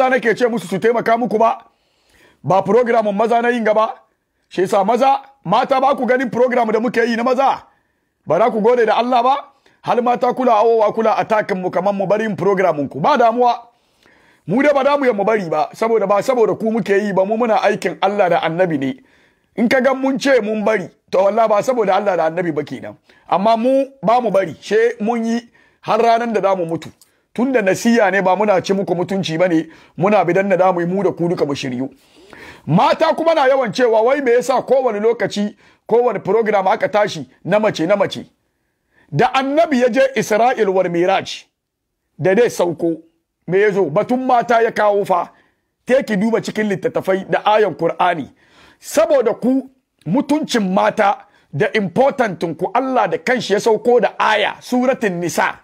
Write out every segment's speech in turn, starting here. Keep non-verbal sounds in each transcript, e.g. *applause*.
maza nake ce musu su taimaka muku ba ba programin maza na yin gaba shi yasa maza mata ba ku ganin program da muke yi na maza ba za ku gode da Allah ba hal mata kula awowa kula atakin mu kaman mu barin programin ku ba damuwa mu da ba damu ya mu bari ba saboda ba saboda ku muke yi ba mu muna aikin Allah da Annabi ne in ka ga mun ce mun bari to wallahi ba saboda Allah da Annabi ba kenan amma mu ba mu bari she mun yi har ranan da za mu mutu tunda nasiya ne ba muna ci muku mutunci bane muna bidan na damu mu da ku duka mu shiryu mata kuma na yawan cewa wai me yasa kowane lokaci kowane program aka tashi na mace na mace da annabi ya je Isra'il war Miraj da dai sauko me yazo batun mata ya kawo fa ki duba cikin littattafai da ayan Kur'ani saboda ku mutuncin mata da importantin ku Allah da kanshi ya sauko da aya suratin nisa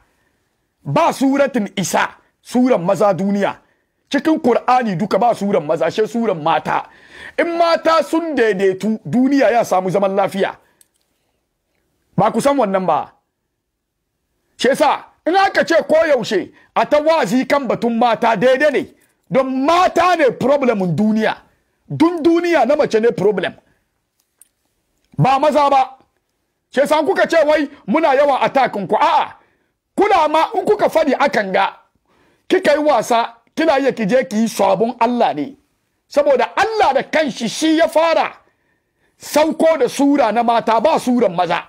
ba suratin isa suran maza duniya cikin Kur'ani duka ba suran maza she suran mata in mata sun daidaitu duniya ya samu zaman lafiya ba ku san wannan ba she sa in aka ce ko yaushe a ta wazi kan batun mata daidai ne don mata ne problemin duniya dun duniya na mace ne problem ba maza ba she sa kuka ce wai muna yawan attack ku a'a kuna ma in kuka faɗi akan ga kika yi wasa kina iya ki je ki yi sabon Allah ne saboda Allah da kanshi shi ya fara sauko da sura na mata ba suran maza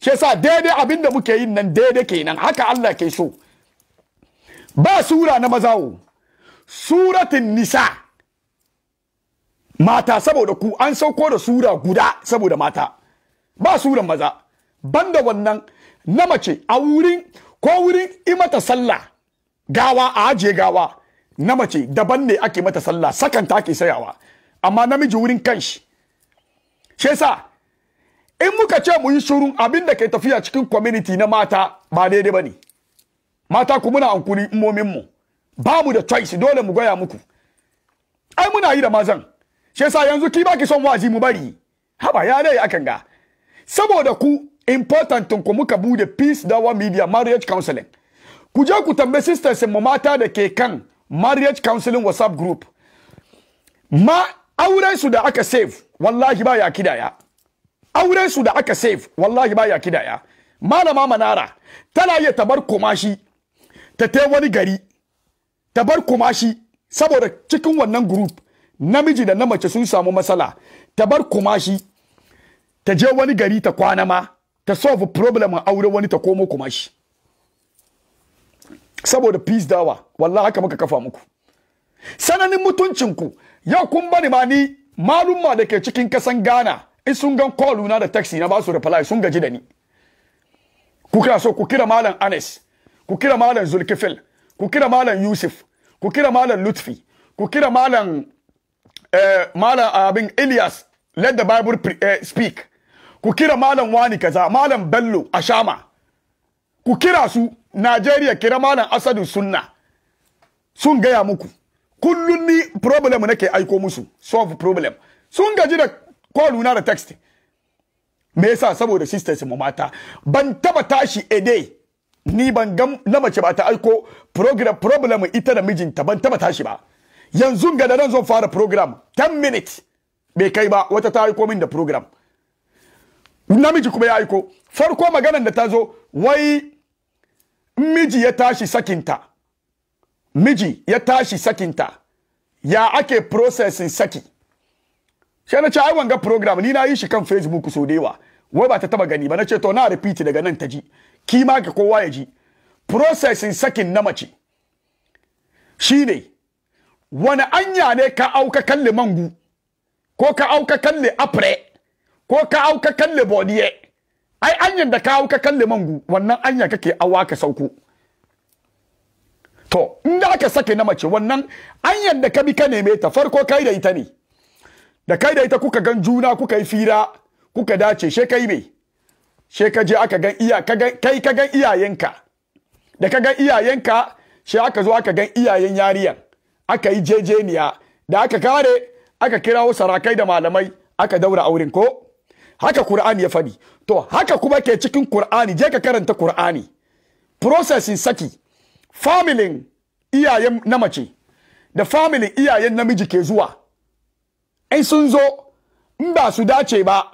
shi yasa daidai abin da muke yin nan daidai kenan haka Allah ke so ba sura na maza wo suratin nisa mata saboda ku an sauko da sura guda saboda mata ba suran maza banda wannan na mace a wurin ko wurin i mata sallah gawa a ajiye gawa na mace daban ne ake mata sallah sakanta ake sayawa amma namiji wurin kanshi shi yasa in muka ce mu yi shurun abin da ke tafiya cikin community na mata ba daidai ba ne mata ku muna ankuri mu. ba mu da choice dole mu goya muku ai muna yi da mazan shi yasa yanzu ki ba ki son wazi mu bari haba ya dai akan ga saboda ku important ku muka bude peace dawa media marriage counseling ku je ku tambayi sisters mu mata da ke kan marriage counseling whatsapp group ma auren su da aka save wallahi ba ya kidaya auren su da aka save wallahi ba ya kidaya malama manara tana iya tabar kumashi ta te wani gari ta bar kumashi saboda cikin wannan group namiji da na mace sun samu matsala tabar bar kumashi ta je wani gari ta kwana ma ta solve problem a aure wani ta komo kuma shi saboda peace dawa wallahi haka muka kafa muku sananin ku yau kun bari ma ni malumma da ke cikin kasan Ghana in sun gan call na da taxi na ba su reply sun gaji da ni ku kira so ku kira malam Anes ku kira malam Zulkifil ku kira malam Yusuf ku kira malam Lutfi ku kira malam eh, malam abin elias let the bible eh, speak ku kira malam wani kaza malam bello a shama ku kira su najeriya kira malam asadu sunna sun gaya muku kullum ni problem nake aiko musu solve problem sun gaji da kwaluna da text me yasa saboda sisters mu mata ban taba tashi a day ni ban gam na mace ba ta aiko program problem ita da mijinta ban taba tashi ba yanzu ga da zan fara program 10 minutes bai kai ba wata ta aiko min da program namiji kuma ya aiko farko maganan da ta zo wai miji ya tashi sakinta miji ya tashi sakinta ya ake processing saki shi na ce ai wanga program ni na yi shi kan facebook so dewa wai ba ta taba gani ba na ce to na repeat daga nan ta ji kima ga kowa ya ji processing sakin na mace shi ne wani anya ne ka auka kalle mangu ko ka auka kalle apre ko ka auka kalle bodiye ai anyan da ka auka kalle mangu wannan anya kake awa ka sauko to in da aka sake na mace wannan anyan da ka bi ka neme ta farko kai da ita ne da kai da ita kuka gan juna kuka yi fira kuka dace she kai me she ka je aka gan iya kai ka gan iyayenka da ka gan iyayenka she aka zo aka gan iyayen yariyan aka yi jejeniya da aka kare aka kirawo sarakai da malamai aka daura auren ko haka Kur'ani ya faɗi to haka kuma ke cikin Kur'ani? je ka karanta Kur'ani. processing saki familin iyayen na mace da familin iyayen namiji ke zuwa in sun zo in ba su dace ba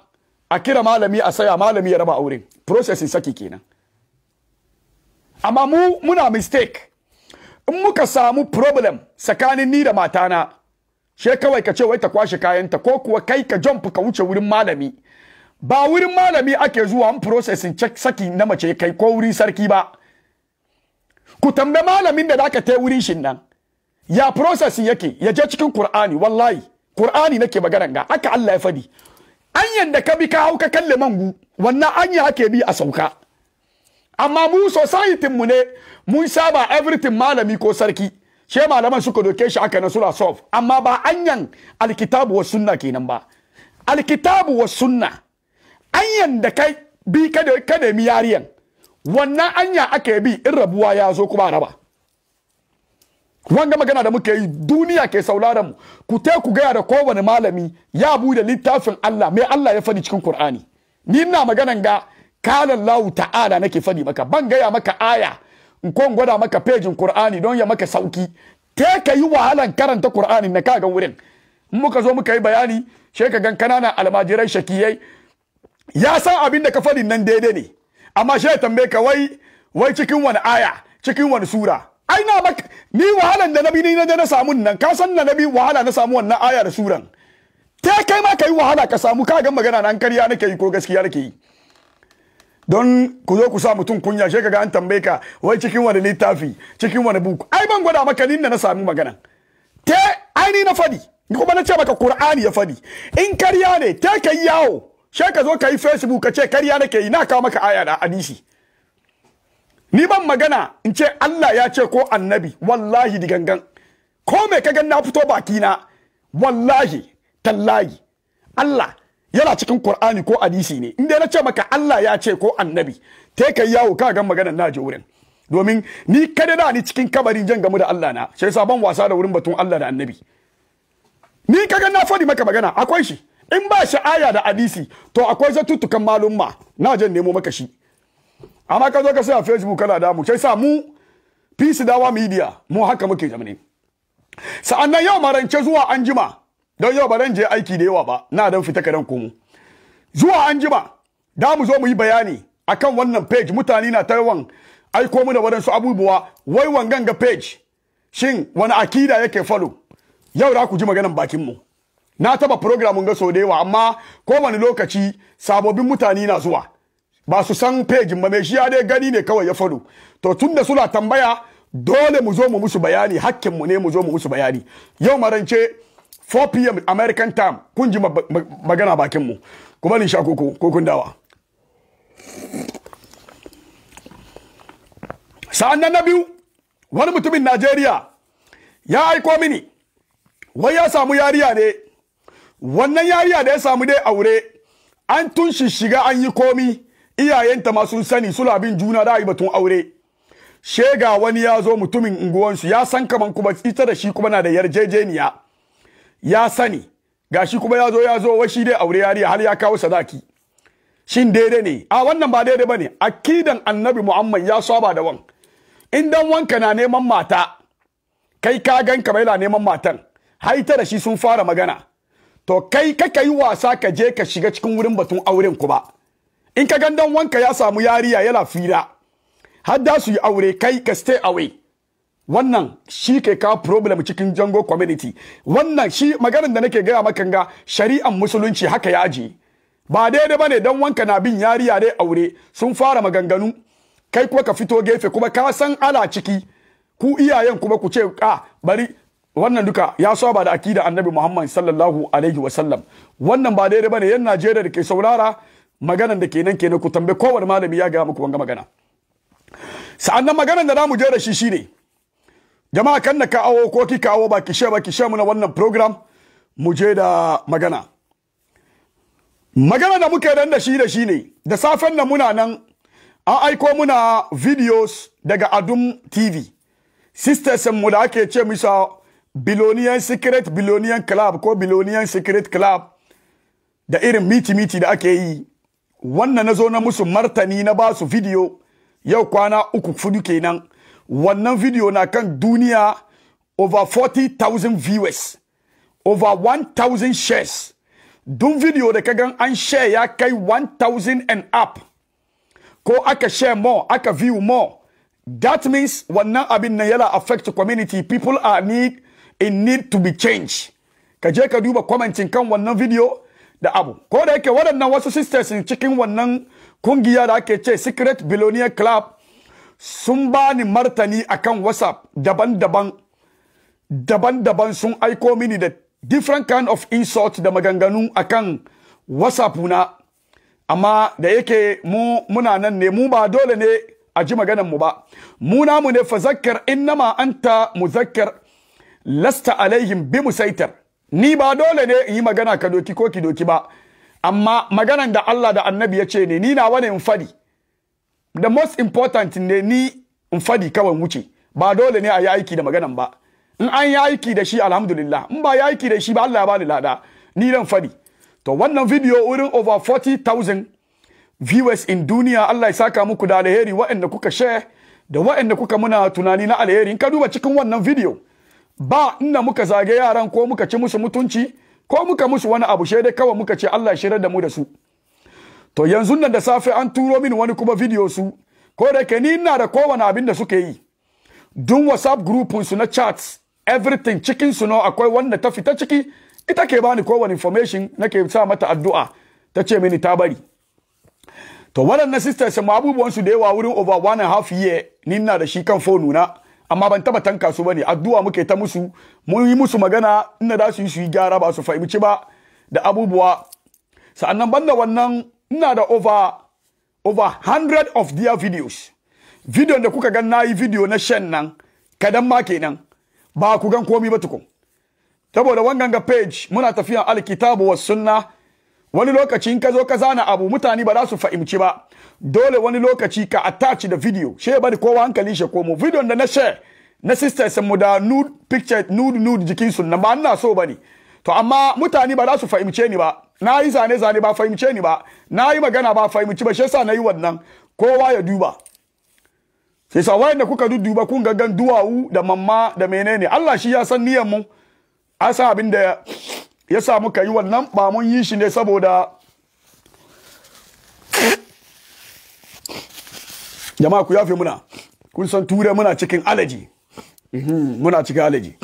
a kira malami a saya malami ya raba auren processing saki kenan amma mu muna mistake in muka samu problem tsakanin ni da matana she kawai ka ce wai ta kwashe kayanta ko kuwa kai ka jump ka wuce wurin malami ba wurin malami ake zuwa an processing check saki na mace kai ko wurin sarki ba ku tambe malamin da zaka ta wurin shin nan ya processing yake ya je cikin qur'ani wallahi qur'ani nake magana ga Aka Allah ya fadi anyan da ka bi ka hauka kalle mangu wannan anya ake bi a sauka amma mu society mu ne mun saba everything malami ko sarki she malaman suka doke shi aka na sura sof amma ba anyan alkitabu wa sunna kenan ba alkitabu wa sunna anyan da kai bi kada kada mi yariyan wannan anya aka bi in rabuwa ya zo kuma raba wanga magana da muke yi duniya ke sauraron mu ku te ku gaya da kowane malami ya bude littafin Allah mai Allah ya fadi cikin Qur'ani ni ina maganan ga kala Allah ta'ala nake fadi maka ban gaya maka aya in ko gwada maka pejin Qur'ani don ya maka sauki te ka yi wahalan karanta Qur'ani na kaga wurin muka zo muka yi bayani sai ka gan kananan almajirai shakiyai ya san abin da ka faɗin nan daidai ne amma shi ya tambaye ka wai wai cikin wani aya cikin wani sura ai na bak ni wahalan da nabi ne na da na samu nan ka san na nabi wahala na samu wannan aya da suran ta kai ma kai wahala ka samu ka ga magana nan karya nake yi ko gaskiya nake yi don ku zo ku sa mutum kunya shi kaga an tambaye ka wai cikin wani littafi cikin wani buku ai ban gwada maka ni na samu magana te ai ni na fadi kuma na ce maka qur'ani ya fadi in karya ne te kai yawo she ka zo ka facebook ka ce karya nake yi na kawo maka aya da hadisi ni ban magana in ce Allah ya ce ko annabi wallahi digangan ko me ka gan na fito baki na wallahi tallahi Allah yana cikin Qur'ani ko hadisi ne inda na ce maka Allah ya ce ko annabi te kai yawo ka ga maganar na je wurin domin ni kada da ni cikin kabarin jan gamu da Allah na sai sabon wasa da wurin batun Allah da annabi ni kaga na fadi maka magana akwai shi in ba shi aya da hadisi to akwai zatutukan malumma na jan nemo maka shi amma ka zo ka a facebook kana da mu, sai sa mu peace dawa media mu haka muke zamani sa'annan yau marance zuwa anjima don yau baran je aiki da yawa ba na dan fita karan komo zuwa anjima da mu zo mu yi bayani akan wannan page mutane na ta yawan aiko mu da waɗansu abubuwa wai wangan ga page shin wani akida yake follow yau da ku ji maganan bakin mu na taba program ga so da yawa amma kowane lokaci sabobin mutane na zuwa ba su san pejin ba mai shi ya dai gani ne kawai ya faru to tun da suna tambaya dole mu zo mu musu bayani hakkin mu ne mu zo mu musu bayani yau marance 4 pm american time kun ji magana bakin mu kuma ni sha koko kun dawa sa'an na biyu wani mutumin najeriya ya aiko mini wai ya samu yariya ne wannan yariya da ya samu dai aure an tun shiga an yi komi iyayenta ma sun sani sula, bin juna da yi batun aure shega wani ya zo mutumin unguwansu ya san kaman kuma ita da shi kuma na da yarjejeniya ya sani gashi kuma ya zo ya zo washi dai aure yariya har ya kawo sadaki shin daidai ne a wannan ba daidai bane akidan annabi muhammad ya saba da wan in dan wanka na neman mata kai ka gan ka neman matan haita da shi sun fara magana to kai kaka yi wasa ka je ka shiga cikin wurin batun auren ku ba in ka gandan wanka ya samu yariya yana fira har da su yi aure kai ka stay away wannan shi ke kawo problem cikin jango community wannan shi maganar da nake gaya maka ga shari'an musulunci haka ya je ba daidai bane dan wanka na bin yariya dai aure sun fara maganganu kai kuma ka fito gefe kuma ka san ala ciki ku iyayen kuma ku ce a ah, bari wannan duka ya saba da akida annabi Muhammad sallallahu alaihi wasallam wannan ba daidai bane yan Najeriya da ke saurara maganan da kenan kenan ku tambaye kowane malami ya gaya muku wanga magana sa'annan maganan da namu je da shi shine jama'a kan na kawo ko ki kawo ba ki she ba ki she mu na wannan program mu je da magana magana da muke dan da shi da shi ne da safen nan muna nan an aiko muna videos daga Adum TV sisters mu da ake ce misa biloniyan secret bilonian club ko bilonian secret club da irin miti-miti da ake yi wannan na zo na musu martani na ba su video yau kwana uku fudu kenan wannan video na kan duniya over 40,000 viewers over 1,000 shares dun video da kagan an share ya kai 1,000 and up ko aka share more aka view more that means wannan abin na yala affect community people are need it need to be changed ka je ka duba commenting kan wannan video da abu ko da yake waɗannan wasu sisters cikin wannan kungiya da ake ce secret billionaire club sun ba ni martani akan whatsapp daban-daban daban-daban sun aiko mini da different kind of insult da maganganu akan whatsapp na amma da yake mu muna nan ne mu ba dole ne a ji maganan mu ba mu namu ne fa zakkar innama anta muzakkar lasta alaihim bi musaitar ni ba dole ne yi magana ka doki ko ki doki ba amma maganan da Allah da annabi ya ce ne ni na wani in fadi the most important ne ni in fadi kawai wuce ba dole ne a yi aiki da maganan ba in an yi aiki da shi alhamdulillah in ba yi aiki da shi ba Allah ya bani lada ni dan fadi to wannan video wurin over 40,000 viewers in duniya Allah ya saka muku da alheri waɗanda kuka share da waɗanda kuka muna tunani na alheri in ka duba cikin wannan video ba inda muka zage yaran ko muka ci musu mutunci ko muka musu wani abu shi dai kawai muka ce Allah shirar da mu da su to yanzu nan da safe an turo min wani kuma video su ko da ke ni ina da kowane abin da suke yi dun whatsapp groupin su na chats everything cikin su no akwai wanda ta fita ciki ita ke bani kowane information nake sa mata addu'a ta ce mini ta bari to waɗannan sisters mu abubuwan su da yawa wurin over one and half year ni ina da shi kan fonu na amma ban taba tanka su bane addu'a muke ta musu mun yi musu magana ina da su yi su yi gyara ba su fahimci ba da abubuwa sa'annan banda wannan ina da over over hundred of their videos video da kuka gan nayi video na shan nan kadan ma kenan ba ku gan komai ba tukun saboda wannan ga page muna tafiya alkitabu was sunna wani lokaci in ka zo ka zana abu mutane ba za su fahimci ba dole wani lokaci ka attach da video she bari kowa hankali shi komo video da na share na sun mu da nude picture nude nude jikin sun na ba ina so bane to amma mutane ba za su fahimce ni ba na yi zane zane ba fahimce ni ba na yi magana ba fahimci ba shi yasa na yi wannan kowa ya duba sai sa wayanda kuka duduba kun gan duwawu da mamma da menene Allah shi ya san niyyar mu a sa abin da ya sa muka yi wannan ba mun yi shi ne saboda jama'a ku yafe muna kun san ture muna cikin alaji mhm, muna cikin alaji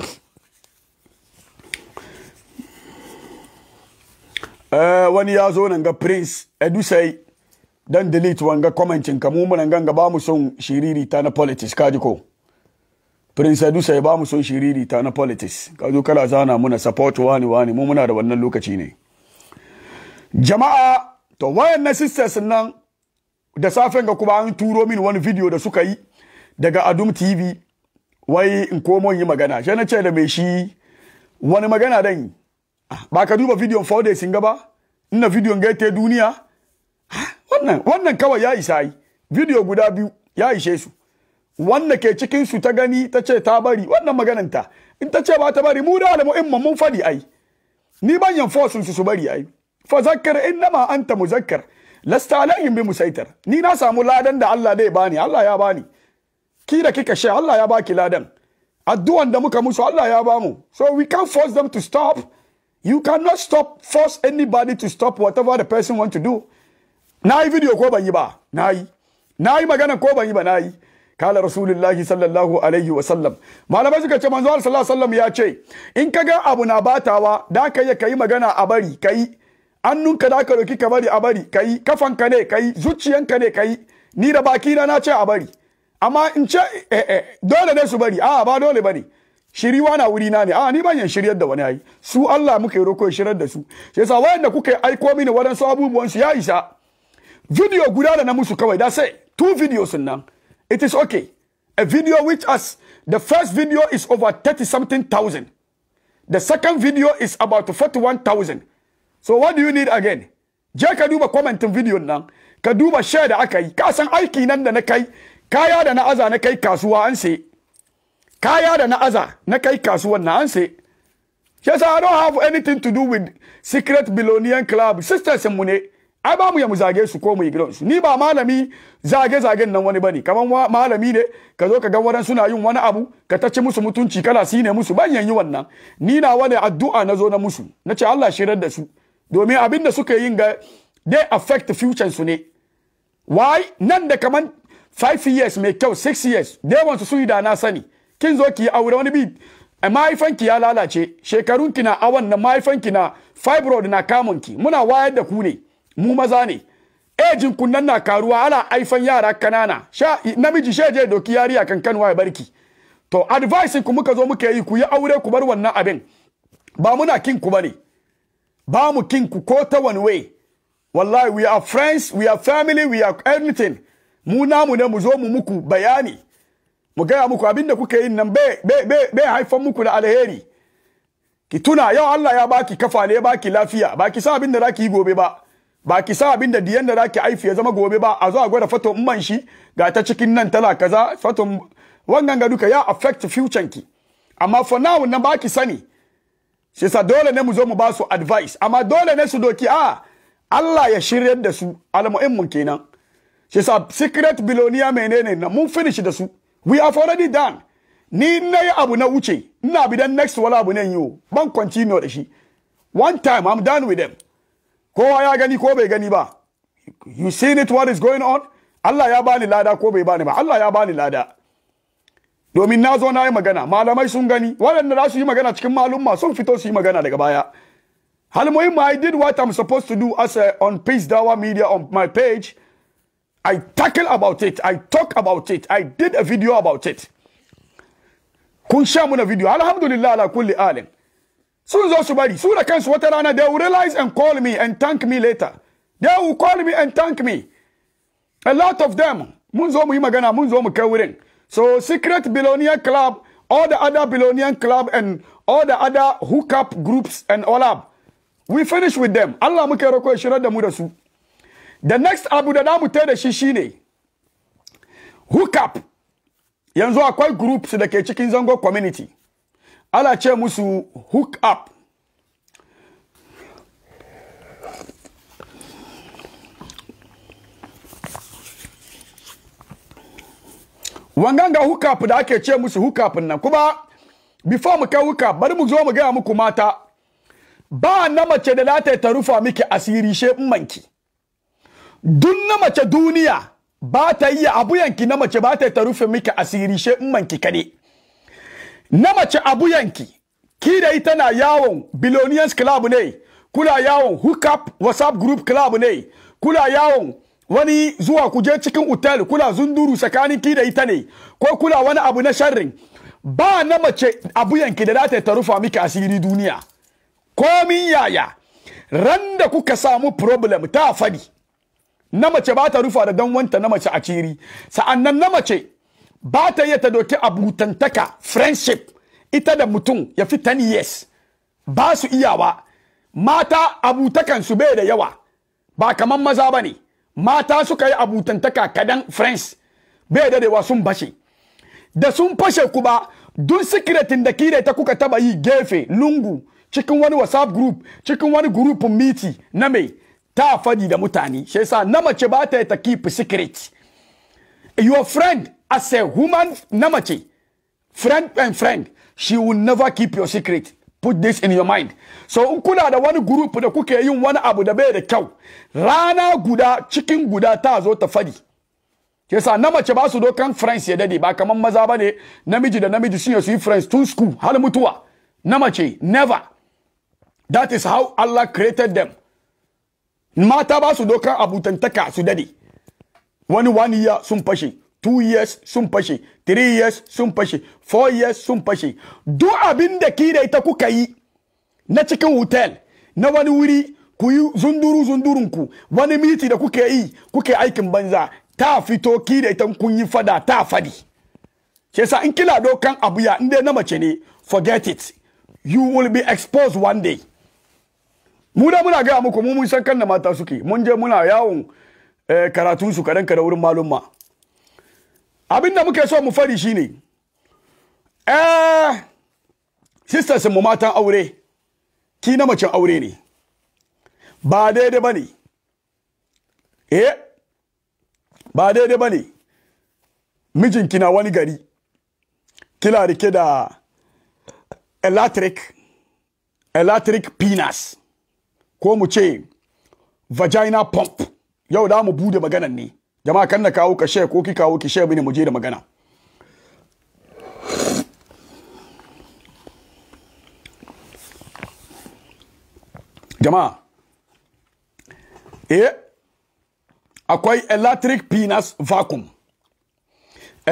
eh, wani ya zo nan ga prince edusai dan delete wanga commentin mu munan ganga ba mu son shiriri ta na politics kaji ko Prince Adusa ya ba mu son shiriri ta na politics ka zo kana zana muna support wani wani mu muna da wannan lokaci ne jama'a to wayannan sisters nan da safen ga kuma an turo min wani video da suka yi daga Adum TV wai in komo yi magana sai na ce da mai shi wani magana dan ah, ba ka duba video for days in gaba ina ga ta duniya ah, wannan kawai ya isa yi bidiyo guda biyu ya ishe su wanda ke cikin su ta gani ta ce ta bari wannan magananta in ta ce ba ta bari mu da ma mun fadi ai ni ban yan fosun su su bari ai fa zakkar innama anta muzakkar lasta alaihim bi musaitar ni na samu ladan da Allah dai bani Allah ya bani ki da kika sha Allah ya baki ladan addu'an da muka musu Allah ya bamu so we can force them to stop you cannot stop force anybody to stop whatever the person want to do na yi video ko ban yi ba na yi na yi magana ko ban yi ba na yi kala rasulullahi sallallahu alaihi wa sallam malamai suka ce manzo sallallahu alaihi sallam ya ce in kaga abu na batawa da ka yi kai magana a bari kai annunka da ka roki ka bari a bari kai kafanka ne kai zuciyanka ne kai ni da baki na ce a bari amma in ce eh, eh, dole ne su bari a ba dole bari shiriwa na wuri na ne a ni ban yan shiryar da wani ai su Allah muka yi roko ya shirar da su sai yasa wayanda kuka aiko mini wadansu abubuwan su ya isa video guda da na musu kawai da sai two videos nan It is okay. A video which has, the first video is over 30 something thousand. The second video is about 41,000. So what do you need again? Je ka duba video nan, ka duba share da aka yi, ka san aiki nan da na kai, kaya da na aza na kai kasuwa an sai. Kaya da na aza na kai kasuwan na an sai. Yes, I don't have anything to do with secret billionaire club. Sisters and ai ba mu ya mu zage su ko mu yi su ni ba malami zage zagen nan wani bane kaman malami ne ka zo ka ga wadan suna yin wani abu ka tace musu mutunci kana sine musu ban yi wannan ni na wani addu'a na zo na musu na ce Allah shirar da su domin abin da suka yin ga they affect future su ne why nan da kaman 5 years mai kyau 6 years they want su yi da na sani kin zo ki aure wani bi eh, mahaifanki ya lalace shekarunki na awan na ki na fibroid na ki muna wayar da ku ne mu maza ne ejin kunnan na karuwa ana aifan yara kanana sha namiji sha je doki yariya kankanuwa ya barki to advice ku muka zo muka yi ku yi aure ku bar wannan abin ba muna kin ku bane ba mu kin ku ko ta one way wallahi we are friends we are family we are anything mu namu ne mu zo mu muku bayani mu gaya muku abin da kuka yin nan bai haifan muku da alheri ki tuna yau Allah ya baki kafa ne ya baki lafiya baki sa abin da zaki yi gobe ba ba ki sa abin da diyan da zaki aifi ya zama gobe ba a zo a gwada fato man shi ga ta cikin nan tana kaza fato wannan ga duka ya affect future ki amma for now nan ba ki sani shi sa dole ne mu zo mu ba su advice amma dole ne su doki a ah, Allah ya shiryar da su almu'in mun kenan shi sa secret billionaire menene na mun finish da su we have already done ni na yi abu na wuce ina bidan next wala abu ne yo ban continue da shi one time i'm done with them kowa ya gani ko bai gani ba you see it what is going on Allah ya bani lada ko bai bani ba Allah ya bani lada domin na zo na yi magana malamai sun gani waɗanda za su yi magana cikin malumma sun fito su yi magana daga baya hal ma I did what I'm supposed to do as a, on Peace Dawa Media on my page I tackle about it I talk about it I did a video about it kun sha muna video alhamdulillah ala kulli alim sun zo su bari su da kansu wata rana they will realize and call me and thank me later they will call me and thank me a lot of them mun zo mu yi magana mun mu kai wurin so secret billionaire club all the other billionaire club and all the other hookup groups and all up we finish with them Allah muke roko shirar da mu da su the next abu da mu tai da shi shine hookup yanzu akwai groups da ke cikin zango community ana ce musu hook up wangan hook up da ake ce musu hook up nan kuma before mu kai hook up bari mu zo mu gaya muku mata ba na mace da lata ta rufa miki asiri she manki duk na mace duniya ba ta yi abu yanki na mace ba ta ta rufe miki asiri she manki kade na mace abu yanki ki da ita na yawon billionaires club ne kula yawon hookup whatsapp group club ne kula yawon wani zuwa kuje cikin hotel kula zunduru tsakanin ki da ita ne ko kula wani abu na sharrin ba na mace abu yanki da za ta rufa miki asiri duniya komin yaya ran da kuka samu problem ta fadi na mace ba ta rufa da danwanta na mace a ciri sa'annan na mace ba ta iya ta doki abutantaka friendship ita da mutum ya fi 10 years ba su iyawa mata abutakan su bai da yawa ba kamar maza ba ne mata suka yi abutantaka kadan friends bai da dewa sun bashe da sun fashe ku ba duk sikiretin da kire ta kuka taba yi gefe lungu cikin wani whatsapp group cikin wani group miti na mai ta fadi da mutane shi yasa na mace ba ta ta keep secret your friend as a woman na mace friend and eh, friend she will never keep your secret put this in your mind so in kuna da wani group da kuke yin wani abu da bai da kyau rana guda cikin guda ta zo ta fadi yasa na mace ba su dokan friends ya dade ba kaman maza ba ne namiji da namiji sun su yi friends tun school har mutuwa na mace never that is how Allah created them mata ba su dokan abutantaka su dade wani wani ya sun fashe two years sun fashe three years sun fashe four years sun fashe duk abin da ki da ita kuka yi na cikin hotel na wani wuri ku yi zunduru zundurunku wani miti da kuke yi kuke aikin banza ta fito ki da ita kun yi fada ta fadi shi yasa in kila dokan abu ya inda na mace ne forget it you will be exposed one day mu da muna gaya muku mu mun san kan da mata suke mun je muna yawon eh, karatun su kadan kada wurin malumma abin da muke so mu fari shine eh sisters mu matan aure ki na macen aure ne ba daidai bane eh ba daidai bane mijinki na wani gari kila rike da electric electric penis ko mu ce vagina pump yau da mu bude maganan ne jama'a kan na kawo kashe ko ki kawo ki shebe ne mu je da magana jama'a eh akwai electric penis vacuum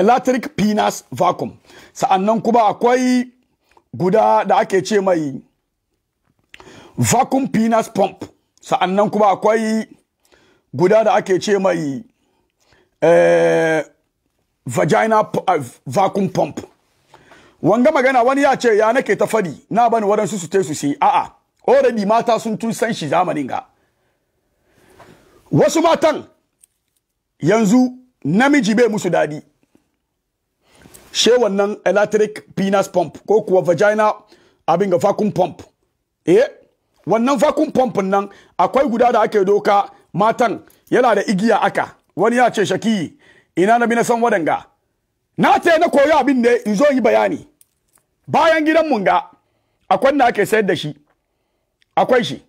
electric penis vacuum sa'annan kuma akwai guda da ake ce mai vacuum penis pump sa'annan kuma akwai guda da ake ce mai Eh, vagina eh, vacuum pump wanga magana wani ya ce ya nake ta fadi na bani waɗansu su te su sai a'a already mata sun tun san shi zamanin ga wasu matan yanzu namiji bai musu dadi she wannan electric penis pump ko kuwa vagina abin ga vacuum pump eh wannan vacuum pump nan akwai guda da ake doka matan yana da igiya aka wani ya ce shaki ina na bi na san wadanga na ce na koyi abin da in zo yi bayani bayan gidan mun ga akwai na ake sayar da shi akwai shi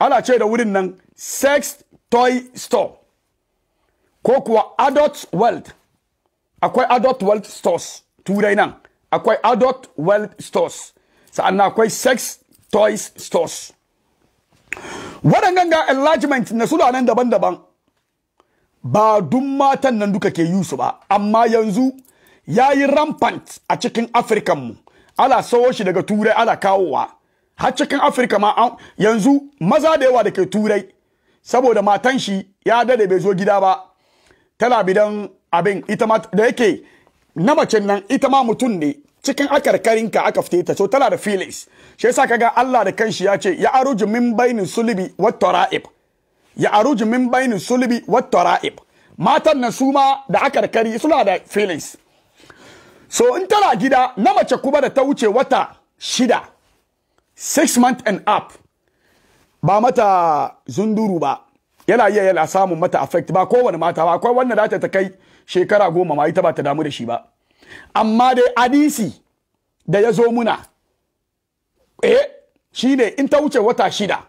ana ce da wurin nan sex toy store ko kuwa adult world akwai adult world stores turai nan akwai adult world stores sa'annan akwai sex toys stores waɗannan ga enlargement na suna nan daban-daban ba duk matan nan duka ke yi ba amma yanzu ya yi rampant a cikin afirkan mu ala sawo shi daga turai ala kawowa har cikin afirka ma yanzu maza da yawa da ke turai saboda matan shi ya dade bai zo gida ba tana bidan abin ita ma da yake na macen nan ita ma mutum ne cikin akarkarinka aka fite ta so tana da feelings shi yasa kaga Allah da kanshi ya ce ya aruju min bainin sulubi wa tara'ib ya aruji min baini sulbi wa tara'ib matan nan suma da aka suna da feelings so in tana gida na mace kuma da ta wuce wata shida six month and up ba mata zunduru ba yana iya yana samun mata affect ba kowane mata ba akwai wanda zata ta kai shekara goma ma ita ba ta damu da shi ba amma dai Adisi da ya zo muna eh shi ne in ta wuce wata shida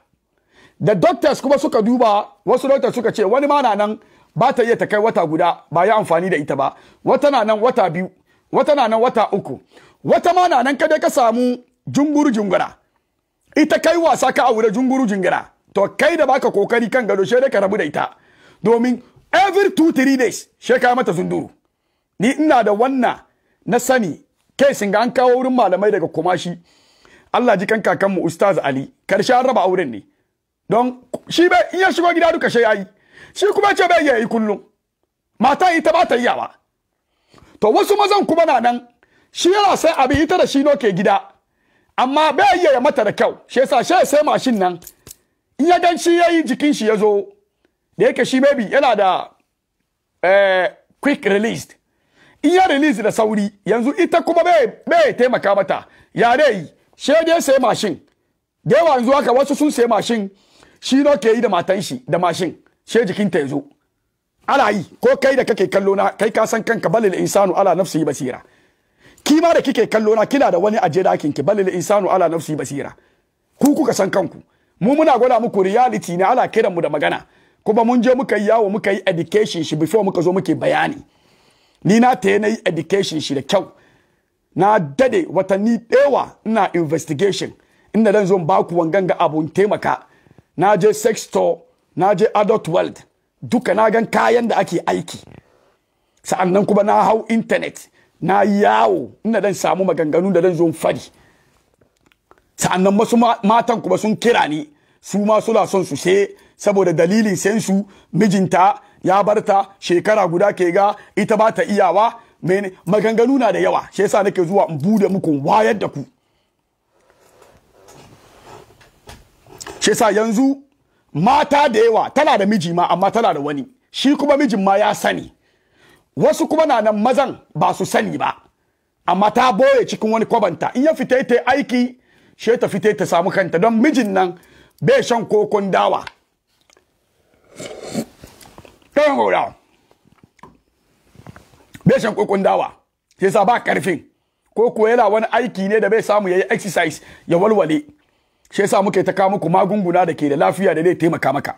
da doctors kuma suka duba wasu doctors suka ce wani ma na nan ba ta iya ta kai wata guda ba ya amfani da ita ba wata na nan wata biyu wata na nan wata uku wata ma na nan kada ka samu jumburu jungura ita kai wasa ka aure junguru jungura to kai da baka kokari kan gado da ka rabu da ita domin every two three days she ka mata zunduru ni ina da wannan na sani sun ga an kawo wurin malamai daga kumashi Allah ji kan kakanmu Ustaz Ali karshe an raba auren ne don shi bai in ya shigo gida duka shi yayi shi kuma ce bai yi kullum mata ita ba ta yi yawa to wasu mazan kuma na nan shi yana sai abin ita da shi noke gida amma bai iya ya mata da kyau shi yasa shi sai mashin nan in ya gan shi yayi jikin shi ya zo da yake shi baby yana da eh, quick released in ya release da sauri yanzu ita kuma bai taimaka mata Yare, dai shi dai sai mashin da yawa yanzu haka wasu sun sai mashin shi no ke yi da matan shi da mashin sai jikinta ya zo ana yi ko kai da kake kallo na kai ka san kanka balil insanu ala nafsi basira kima da kike kallo na kina da wani aje da ki balil insanu ala nafsi basira ku kuka san kanku mu muna gwada muku reality ne ala kiran mu da magana kuma mun je muka yi yawo muka yi education shi before muka zo muke bayani ni na ta na yi education shi da kyau na dade watanni dewa ina investigation inda zan zo ba ku wangan ga abun taimaka na je sex store na je adult world duka na gan kayan da ake aiki sa'annan kuma na hau internet na yawo ina dan samu maganganu da dan zo fadi sa'annan masu matan kuma sun kira ni su ma suna son su sai saboda dalilin sensu mijinta ya barta shekara guda ke ga ita ba ta iyawa maganganu na da yawa shi yasa nake zuwa in bude muku wayar da ku shi yasa yanzu mata da yawa tana da miji ma amma tana da wani shi kuma mijin ma ya sani wasu kuma na nan mazan ba su sani ba amma ta boye cikin wani kwabanta in ya fita ta aiki shi ta fita ta samu kanta don mijin nan bai shan kokon dawa bai shan kokon dawa sai sa ba karfin ko kuwa yana wani aiki ne da bai samu ya yi exercise ya walwale shi yasa muke ta kawo muku magunguna da ke da lafiya da zai taimaka maka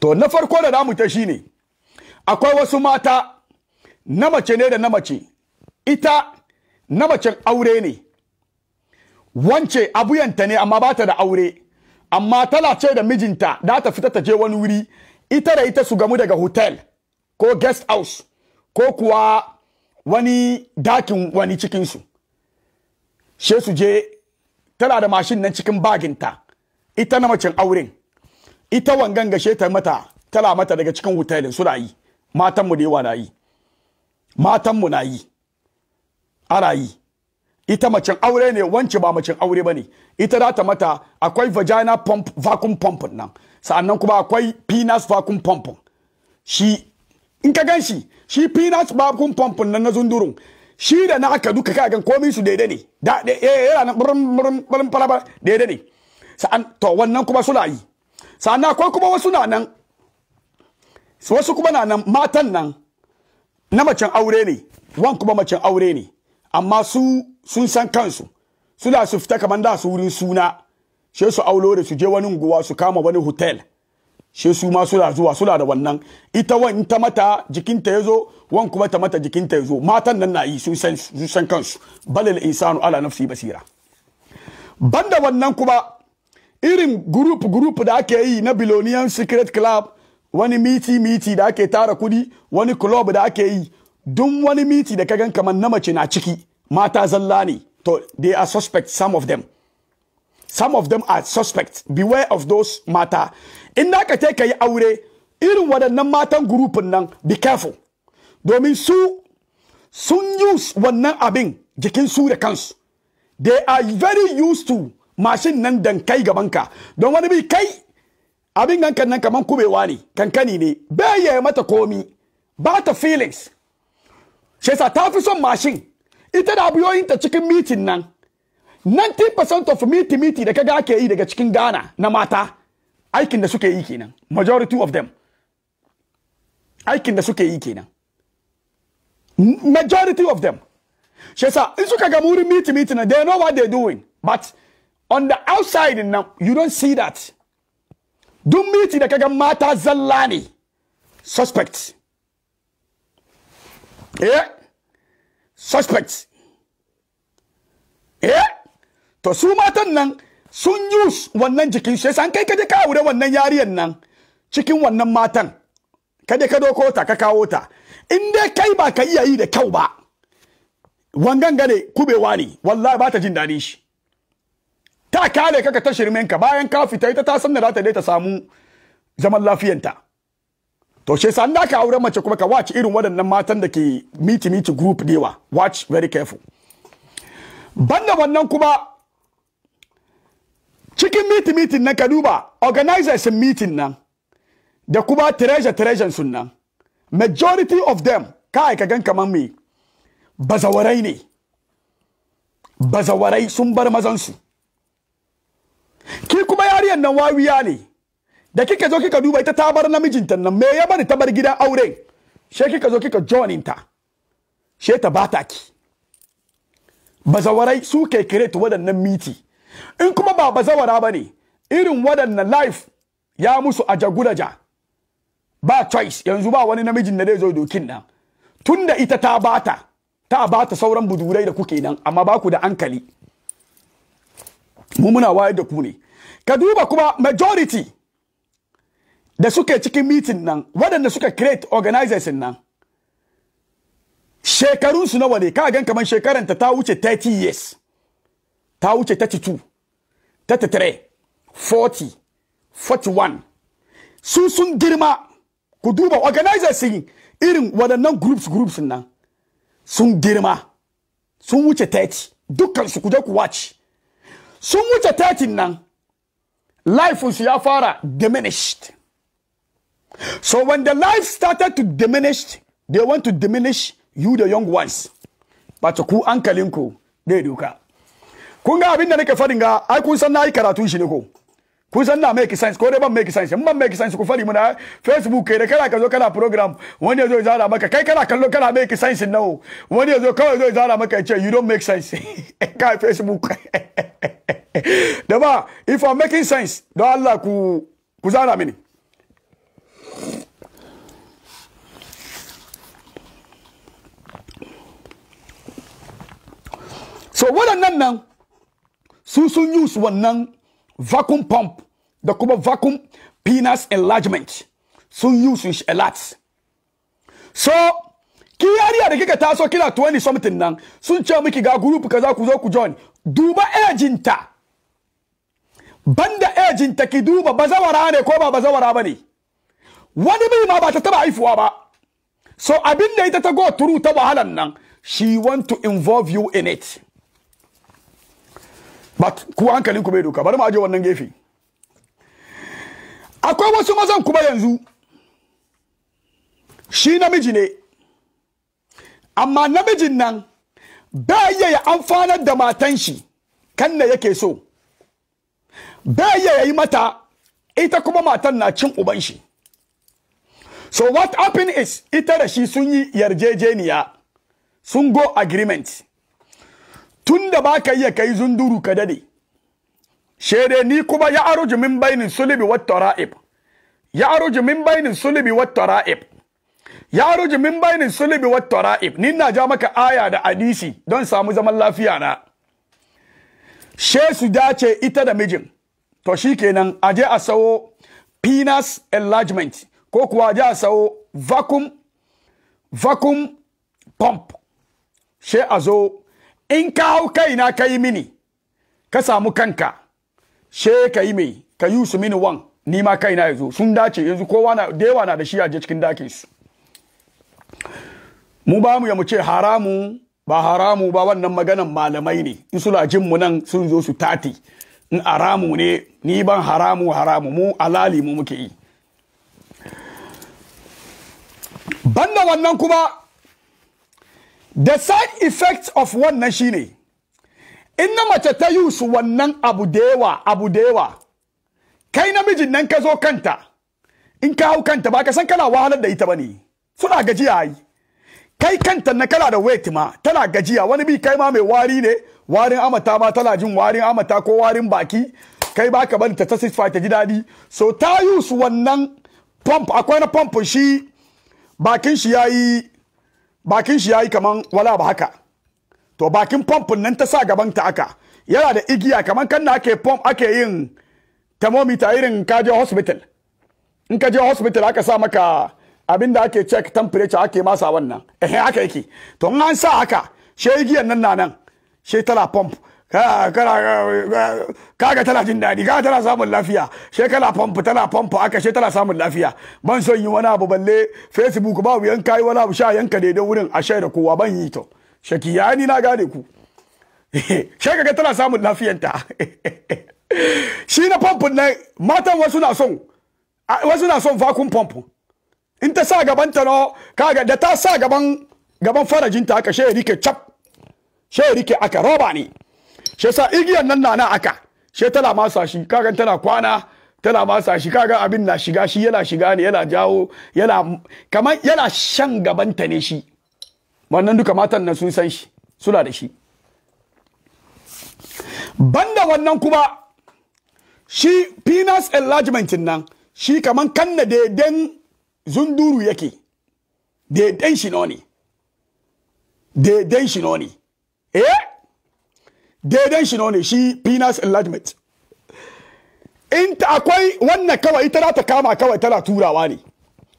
to na farko da zamu ta shine akwai wasu mata na mace ne da na mace ita na macen aure ne wance abuyanta ne amma bata da aure amma tana ce da mijinta da ta fita ta je wani wuri ita da ita su gamu daga hotel ko guest house ko kuwa wani dakin wani cikinsu she su je tana da mashin nan cikin baginta ita na macin auren ita wangan gashe ta mata tala mata daga cikin hotelin suna yi Matanmu da yawa na yi Matanmu na yi ana yi ita macin aure ne wance ba macin aure ba ne. ita za ta mata akwai vagina pump vacuum pump nan sa'annan kuma akwai penis vacuum pump shi in ka gan shi shi penis vacuum pump nan na zundurun shi da na haka duka kagan komai su daidai ne da eh, yana nan burin burin burin fara daidai ne sa'an to wannan kuma suna yi sa'an akwai kuma wasu na nan wasu kuma na nan matan nan na macen aure ne wan kuma macen aure ne amma su sun san kansu suna su fita kamar da su wurin suna sai su aulo da su je wani unguwa su kama wani hotel she su ma suna zuwa suna da wannan ita wan ta mata jikinta ya zo wan kuma ta mata jikinta ya zo matan nan na yi sun san kansu balil insanu ala nafsi basira banda wannan kuma irin group group da ake yi na bilonian secret club wani miti miti da ake tara kudi wani club da ake yi duk wani miti da kagan kamar na mace na ciki mata zalla ne to they are suspect some of them some of them are suspect beware of those mata in ka ta ka yi aure irin waɗannan matan gurupin nan be careful domin su sun use wannan abin jikin su da kansu they are very used to mashin nan dan kai gabanka don wani bi kai abin kan nan kaman kubewa ne kankani ne bai mata komi ba ta feelings she sa ta fi son mashin ita da ta cikin meeting nan 90% of meeting-meeting da kaga ake yi daga cikin Ghana na mata aikin da suke yi kenan majority of them aikin da suke yi kenan majority of them shi yasa in suka ga wurin meet meet na they know what they doing but on the outside now you don't see that duk miti da kaga mata zalla ne suspect eh suspect eh to su matan nan sun use wannan jikin shi san kai kaje ka aure wannan yariyan nan cikin wannan matan kaje ka doko ta ka kawo ta in dai kai ba ka iya yi da kyau ba wangan gane kubewa ne wallahi ba ta jin daɗin shi ta kare ka ka ta shirmen ka bayan ka fita ita ta san da za ta ta samu zaman lafiyanta to shi san da ka aure mace kuma ka watch irin waɗannan matan da ke miti miti group dewa watch very careful banda wannan kuma cikin meeting meeting nan ka duba organizers meeting nan da kuma treasure treasure sun nan majority of them kai ka gan kaman me bazawarai ne bazawarai sun bar mazansu ki kuma yari nan wawiya ne da kika zo kika duba ita ta bar namijinta nan me ya bari ta bar gidan auren she kika zo kika joninta, ta she ta bata ki bazawarai su ke create waɗannan miti in kuma ba bazawara ba ne irin waɗannan life ya musu a jagulaja ba choice yanzu ba wani namijin da zai zo dokin nan tun da ita ta bata ta bata sauran budurai da kuke nan amma ba ku da hankali mu muna wayar da ku ne ka duba kuma majority da suke cikin meeting nan waɗanda suka create organizers nan shekarunsu nawa ne ka gan kamar shekaranta ta wuce 30 years ta wuce 32 33 40 41 su sun girma ku duba organizers sun irin waɗannan groups groups nan sun girma sun wuce 30 dukkan su kuje ku watch sun wuce 30 nan life su ya fara diminished so when the life started to diminish they want to diminish you the young ones ba ku ankalinku dai duka kun ga abin da nake fadin ga ai kun san na yi karatun shi ne ko kun san na make science ko dai ban make science mun ban make science ku fari muna facebook kai da kana ka zo kana program wani ya zo ya zara maka kai kana kallo kana make science nawo wani ya zo kawai zo ya zara maka ya ce you don't make sense *laughs* kai facebook *laughs* da ba if i'm making science don Allah ku ku zara mini so waɗannan nan sun sun use wannan vacuum pump da kuma vacuum penis enlargement sun use shi a lot so ki yariya da kika taso kina 20 something nan sun ce miki ga group kaza ku zo ku join duba ejinta banda ejinta ki duba bazawara ne ko ba bazawara bane wani bai ma ba ta taba haifuwa ba so abin da ita ta go through ta wahalan nan she want to involve you in it but ku hankalin ku bai doka bari mu aje wannan gefe akwai wasu mazan kuma yanzu shi namiji ne amma namijin nan bai ya amfanar da matan shi kan da yake so bai ya yi mata ita kuma matan na cin uban shi so what happened is ita da shi sun yi yarjejeniya sun go agreement tunda da baka iya kai zunduru ka dade shede ni kuma ya aruju min bainin sulubi wa tara'ib ya aruju min bainin sulubi wa tara'ib ya aruju min bainin sulubi wa tara'ib ni na ja maka aya da hadisi don samu zaman lafiya na she su dace ita da mijin to shikenan aje a sawo penis enlargement ko kuwa je a sawo vacuum vacuum pump she a zo in ka hau kaina ka yi mini ka samu kanka she ka yi mai ka yi su mini wan ni ma kaina ya zo sun dace yanzu kowa na da yawa na da shi a cikin dakin su mu ba mu ya mu ce haramu ba haramu ba wannan maganan malamai ne in suna jin mu nan sun zo su tati in haramu ne ni ban haramu haramu mu alali mu muke yi banda wannan kuma the side effect of wannan shine in na mace ta yi su wannan abu da yawa abu da yawa kai namijin nan ka zo kanta in ka hau kanta ba ka san kana wahalar da ita bane suna gajiya yi kai kanta na kala da weight ma tana gajiya wani bi kai ma mai wari ne warin amata ma tana jin warin amata ko warin baki kai ba ka bari ta satisfy ta ji daɗi so ta yi su wannan pump akwai na pump shi bakin shi yayi bakin shi ya yi kaman wala ba haka to bakin pompin nan ta sa gaban ta aka yana da igiya kaman kan ake pomp ake yin thermometer irin ka je hospital in ka je hospital aka sa maka abin da ake check temperature ake masa wannan eh haka yake to in an sa haka she igiyan nan nan she tana pomp kaga tana jin daɗi kaga tana samun lafiya shekara kana famfa tana famfa aka shekara tana samun lafiya ban son yi wani abu balle facebook ba wuyan kayi wani abu sha yanka daidai wurin a shaida kowa ban yi to shaki ya ni na gane ku *laughs* shekara kaga tana samun lafiyanta *laughs* shi na famfin nan matan wasu na son wasu na son vacuum pump in ta sa gaban ta no kaga da ta sa gaban gaban farajinta aka she rike cap she rike aka roba ne shi yasa igiyar nan na na aka shi tana masa shi kaga tana kwana tana masa shi kaga abin na shiga shi yana shiga ne yana jawo yana kamar yana shan gabanta ne shi wannan duka matan nan sun san shi suna da shi banda wannan kuma shi penis enlargement nan shi kaman kanna daidan zunduru yake daidan shi ne daidan shi ne eh daidan shi ne shi penis enlargement in ta akwai wannan kawai tana ta kama kawai tana turawa ne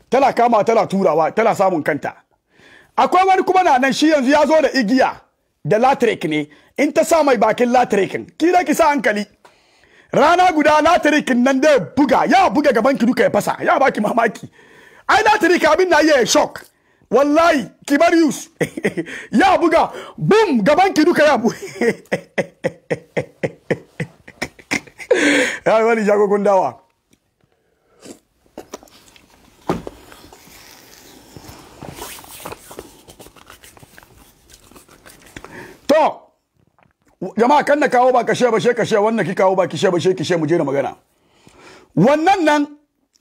tana kama tana turawa tana samun kanta akwai wani kuma na nan shi yanzu ya zo da igiya da latrik ne in ta sa mai bakin latrikin kira ki sa hankali rana guda latrikin nan da buga ya buga gaban ki duka ya fasa ya baki mamaki ai latrik abin na iya shock wallahi kibarius *laughs* ya buga bum gaban ki duka ya buga *laughs* ya wani jagogon dawa to jama'a kan na kawo ba kashe ba she kashe wannan ki kawo ba kishe ba she kishe mu je da magana wannan nan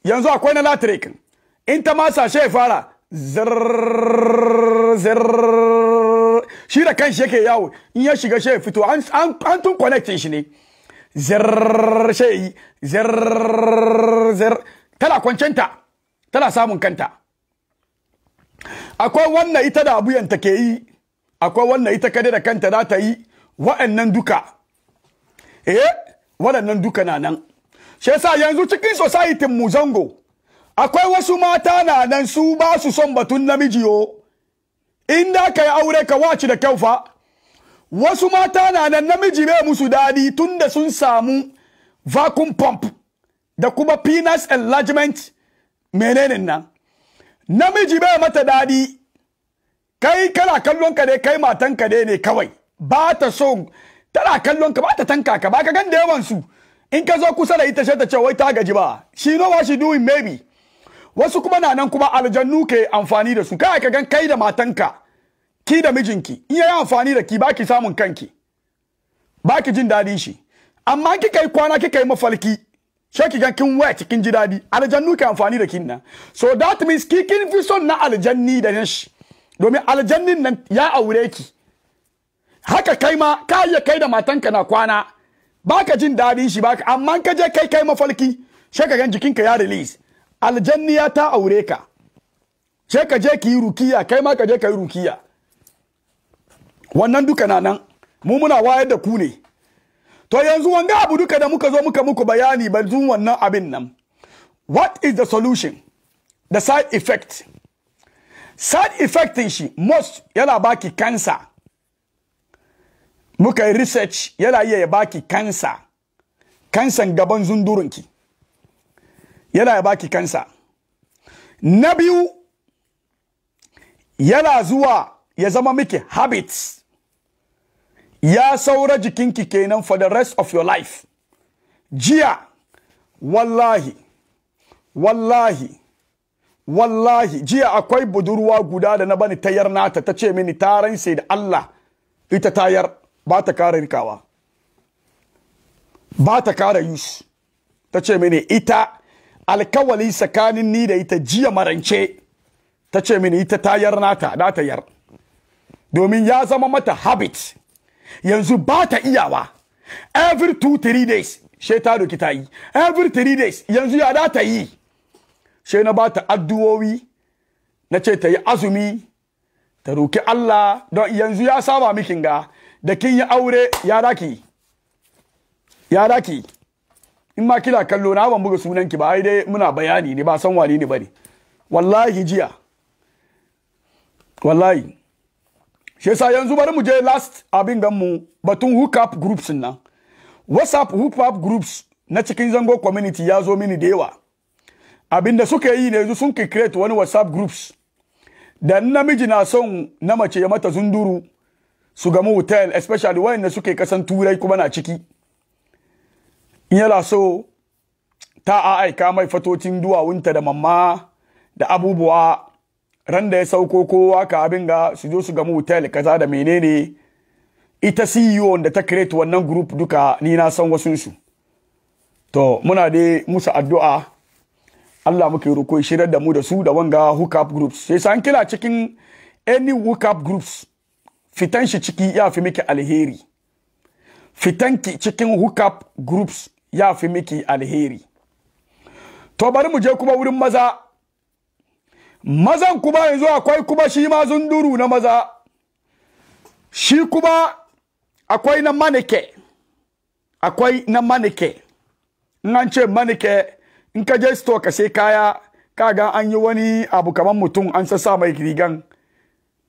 yanzu akwai na latrik in ta masa shefara fara shi da kanshi yake yawo in ya shiga shi ya fito an tun connecting shi ne zar shi yi zar tana kwancenta tana samun kanta akwai wannan ita da ta ke yi akwai wannan ita kadai da kanta za ta yi wa'annan duka eh wa'annan duka na nan shi yasa yanzu cikin society mu zango akwai wasu mata na nan su ba su son batun namiji yo in da ka yi aure ka waci da kyau fa wasu mata na nan namiji bai musu dadi da sun samu vacuum pump da kuma penis enlargement menene nan namiji bai mata dadi kai kana kallon ka dai kai matan ka dai ne kawai ba ta so tana kallon ka ba ta tanka ka ba ka gan da yawan su in ka zo kusa da ita sai ta ce wai ta gaji ba shi no wa shi doing maybe wasu kuma na nan kuma aljannu ke amfani da su kai ka gan kai da matanka ki da mijinki in yayi amfani da ki baki samun kanki baki jin dadi shi amma kika yi kwana kika yi mafalki sai ki gan kin wet kin ji dadi aljannu ke amfani da kin nan so that means ki kin fi son na aljanni da nan shi domin aljannin nan ya aure ki haka kai ma ka iya kai da matanka na kwana baka jin dadin shi baka amma ka je kai kai mafalki sai ka gan jikinka ya release aljanniya ta aure ka sai ka je ki rukiya kai ma ka je ka rukiya wannan duka na nan mu muna wayar da ku ne to yanzu wanga abu duka da muka zo muka muku bayani bazun wannan abin nan what is the solution the side effect side effect shi most yana baki cancer muka yi research yana iya ya baki cancer kansan gaban zundurinki yana ya baki kansa na biyu yana zuwa ya zama miki habits ya saura jikinki kenan for the rest of your life jiya wallahi wallahi wallahi jiya akwai budurwa guda da na bani tayar nata ta ce mini taran sai da Allah ita tayar ba ta kara rikawa ba ta kara yus ta ce mini ita alkawali tsakanin ni da ita jiya marance ta ce mini ita tayar nata na yar domin ya zama mata habit yanzu ba ta iyawa every two three days she ta doki ta yi every three days yanzu ya da ta yi she na ba ta addu'o'i na ce ta yi azumi ta roki Allah don yanzu ya saba mikin ga da kin yi aure ya daki ya daki in ma kina kallo na ban buga sunan ki ba ai dai muna bayani ne ba san wani ne bane wallahi jiya wallahi shi yasa yanzu bari mu je last abin gan mu batun hookup groups nan whatsapp hookup groups na cikin zango community ya zo mini da yawa abin da suka yi ne yanzu sun ki create wani whatsapp groups da namiji na son na mace ya mata zunduru su gamu hotel especially wayanda suke kasan turai kuma na ciki in yana so ta a aika mai fatocin duwawunta da mamma da abubuwa ran da ya sauko kowa ka abin ga su zo su gamu hotel kaza da menene ita CEO da ta create wannan group duka ni na san wasu su to muna dai musu addu'a Allah muke roƙo shirar da mu da su da wanga hookup groups sai san kila cikin any hookup groups fitan shi ciki ya fi miki alheri fitanki cikin hookup groups ya fi miki alheri to bari mu je kuma wurin maza mazan kuma yanzu akwai kuma shi ma zunduru na maza shi kuma akwai na manike akwai na manike in ce manike in ka je sito ka sai kaya kaga an yi wani abu kamar mutum an sassa mai rigan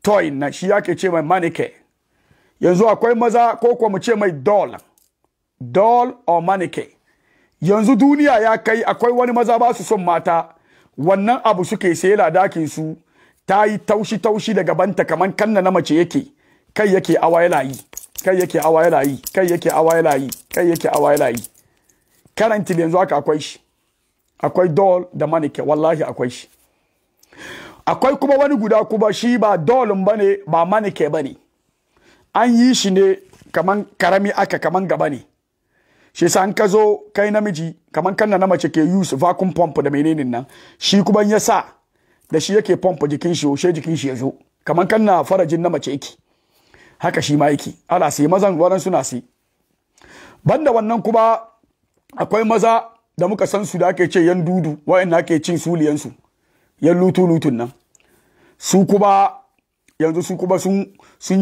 toy na shi yake ce mai manike yanzu akwai maza ko kuma mu ce mai doll doll or manike yanzu duniya ya kai akwai wani maza ba su son mata wannan abu suke sai ladakin su ta yi taushi taushi daga banta kaman kanna na mace yake kai yake awa yana yi kai yake awa yana yi kai yake awa yana yi kai yake awa yana yi currently yanzu aka akwai shi akwai doll da manike wallahi akwai shi akwai kuma wani guda kuma shi ba doll ba ne ba manike ba ne an yi shi ne kaman karami aka kaman gaba ne shi yasa ka zo kai namiji kamar kanna na mace ke use vacuum pump da menene nan shi kuma ya sa da shi yake pump jikin shi she jikin shi ya zo kamar kanna farajin na mace yake haka shi ma yake ala sai mazan waran suna sai banda wannan kuma akwai maza da muka san su da ake ce yan dudu na ke cin suliyan su yan lutu lutun nan su kuma yanzu su kuma sun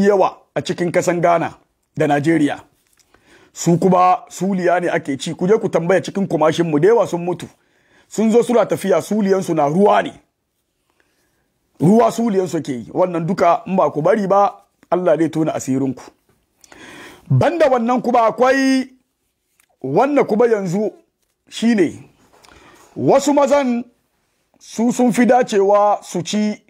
yi yawa a cikin kasan Ghana da Najeriya su kuma suliya ne ake ci ku je ku tambaya cikin kumashin mu da yawa sun mutu sun zo suna tafiya suliyansu na ruwa ne ruwa suliyansu ke yi wannan duka in ba ku bari ba Allah zai tona asirinku banda wannan kuma akwai wannan kuma yanzu shine wasu mazan su sun fi dacewa su ci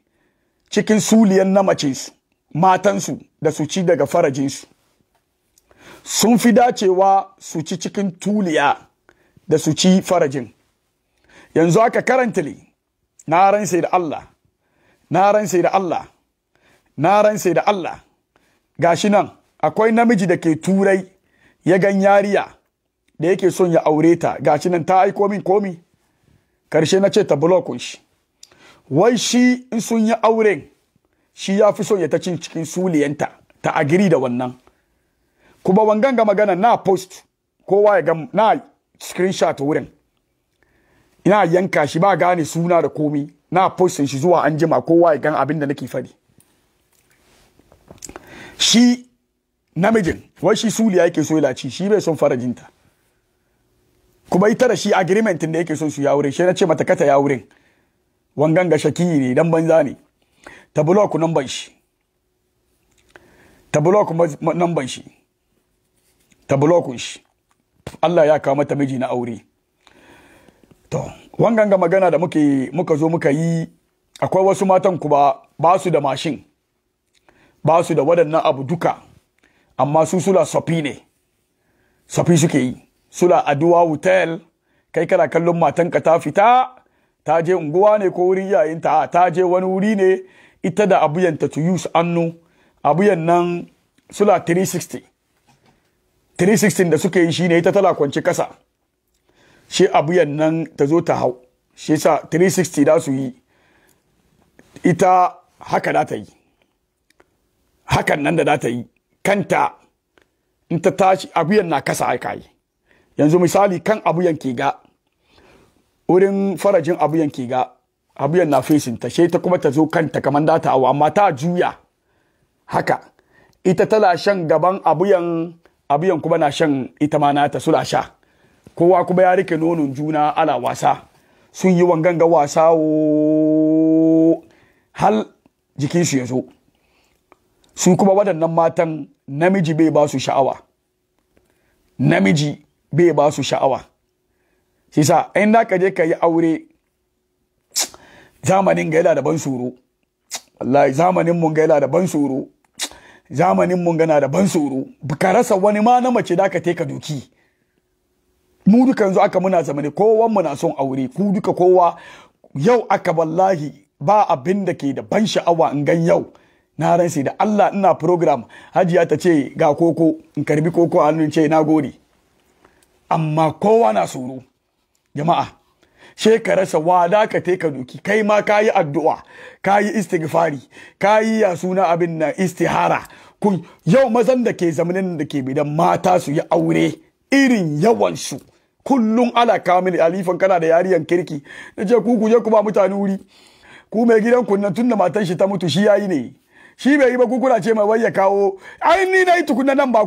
cikin suliyan na mace matansu da su ci daga farajinsu sun fi dacewa su ci cikin tuliya da su ci farajin yanzu aka karantali na sai da Allah na sai da Allah na sai da Allah gashi nan akwai namiji da ke turai ya gan yariya da yake son ya aure ta gashi nan ta aiko min komi karshe na ce ta blokun shi wai shi in sun yi auren shi ya fi son ya ta cin cikin suliyanta ta agiri da wannan kuma wanganga magana na post ko waye ga na screenshot wurin ina yanka shi ba gane suna da komi na post shi zuwa anjima, jima waye gan abin da nake faɗi shi namijin wai shi suli yake so laci shi bai son farajinta kuma ita da shi agreement da yake son su ya wurin shi na ce mata kata ya wurin wanganga shaki ne dan banza ne ta block number shi ta block number shi ta blokun shi Allah ya kawo mata miji na aure to wangan ga magana da muke muka zo muka yi akwai wasu matan ku ba ba su da mashin ba su da waɗannan abu duka amma su sula sofi ne sofi suke yi sula aduwa hotel kai kana kallon matanka ta fita ta je unguwa ne ko wurin yayinta ta je wani wuri ne ita da abuyanta to use annu abuyan nan sula 360 360 da suka yi ne ita tana kwance kasa shi abuyan nan ta zo ta hau shi sa 360 da su yi ita haka da ta yi hakan nan da za ta yi kanta in ta tashi abuyan na kasa aika yi yanzu misali kan abuyan ke ga wurin farajin abuyan ke ga abuyan na fesin ta ta kuma ta zo kanta kamar da ta hawa amma ta juya haka ita tana shan gaban abuyan abiyan kuma na shan ita ma nata suna sha kowa kuma ya rike nonon juna ala wasa sun yi wanganga wasa o hal su ya zo su kuma waɗannan matan namiji bai ba su sha'awa namiji bai ba su sha'awa shi sa in da ka je ka yi aure zamanin ga yana da ban tsoro wallahi zamanin mun ga yana da ban tsoro zamanin mun gana da ban tsoro ka rasa wani ma na mace da ka teka doki mu duka yanzu aka muna zamani kowa muna son aure ku duka kowa yau aka wallahi ba abin da ke da ban sha'awa in gan yau na ransi da Allah ina program hajiya ta ce ga koko in karbi koko a hannun ce na gode amma kowa na tsoro jama'a she ka rasa wada ka te ka doki kai ma kayi addu'a kayi istighfari kayi ya suna abin na istihara kun yau mazan da ke zamanin da ke bidan mata su yi aure irin yawan su kullum ala kawo alifan kana da yariyan kirki na ce ku je ku ba mutane wuri ku mai gidan kunna tun da matan shi ta mutu shi yayi ne shi bai yi ba kuku kuna ce mai wai ya kawo ai ni na yi tukunna nan ba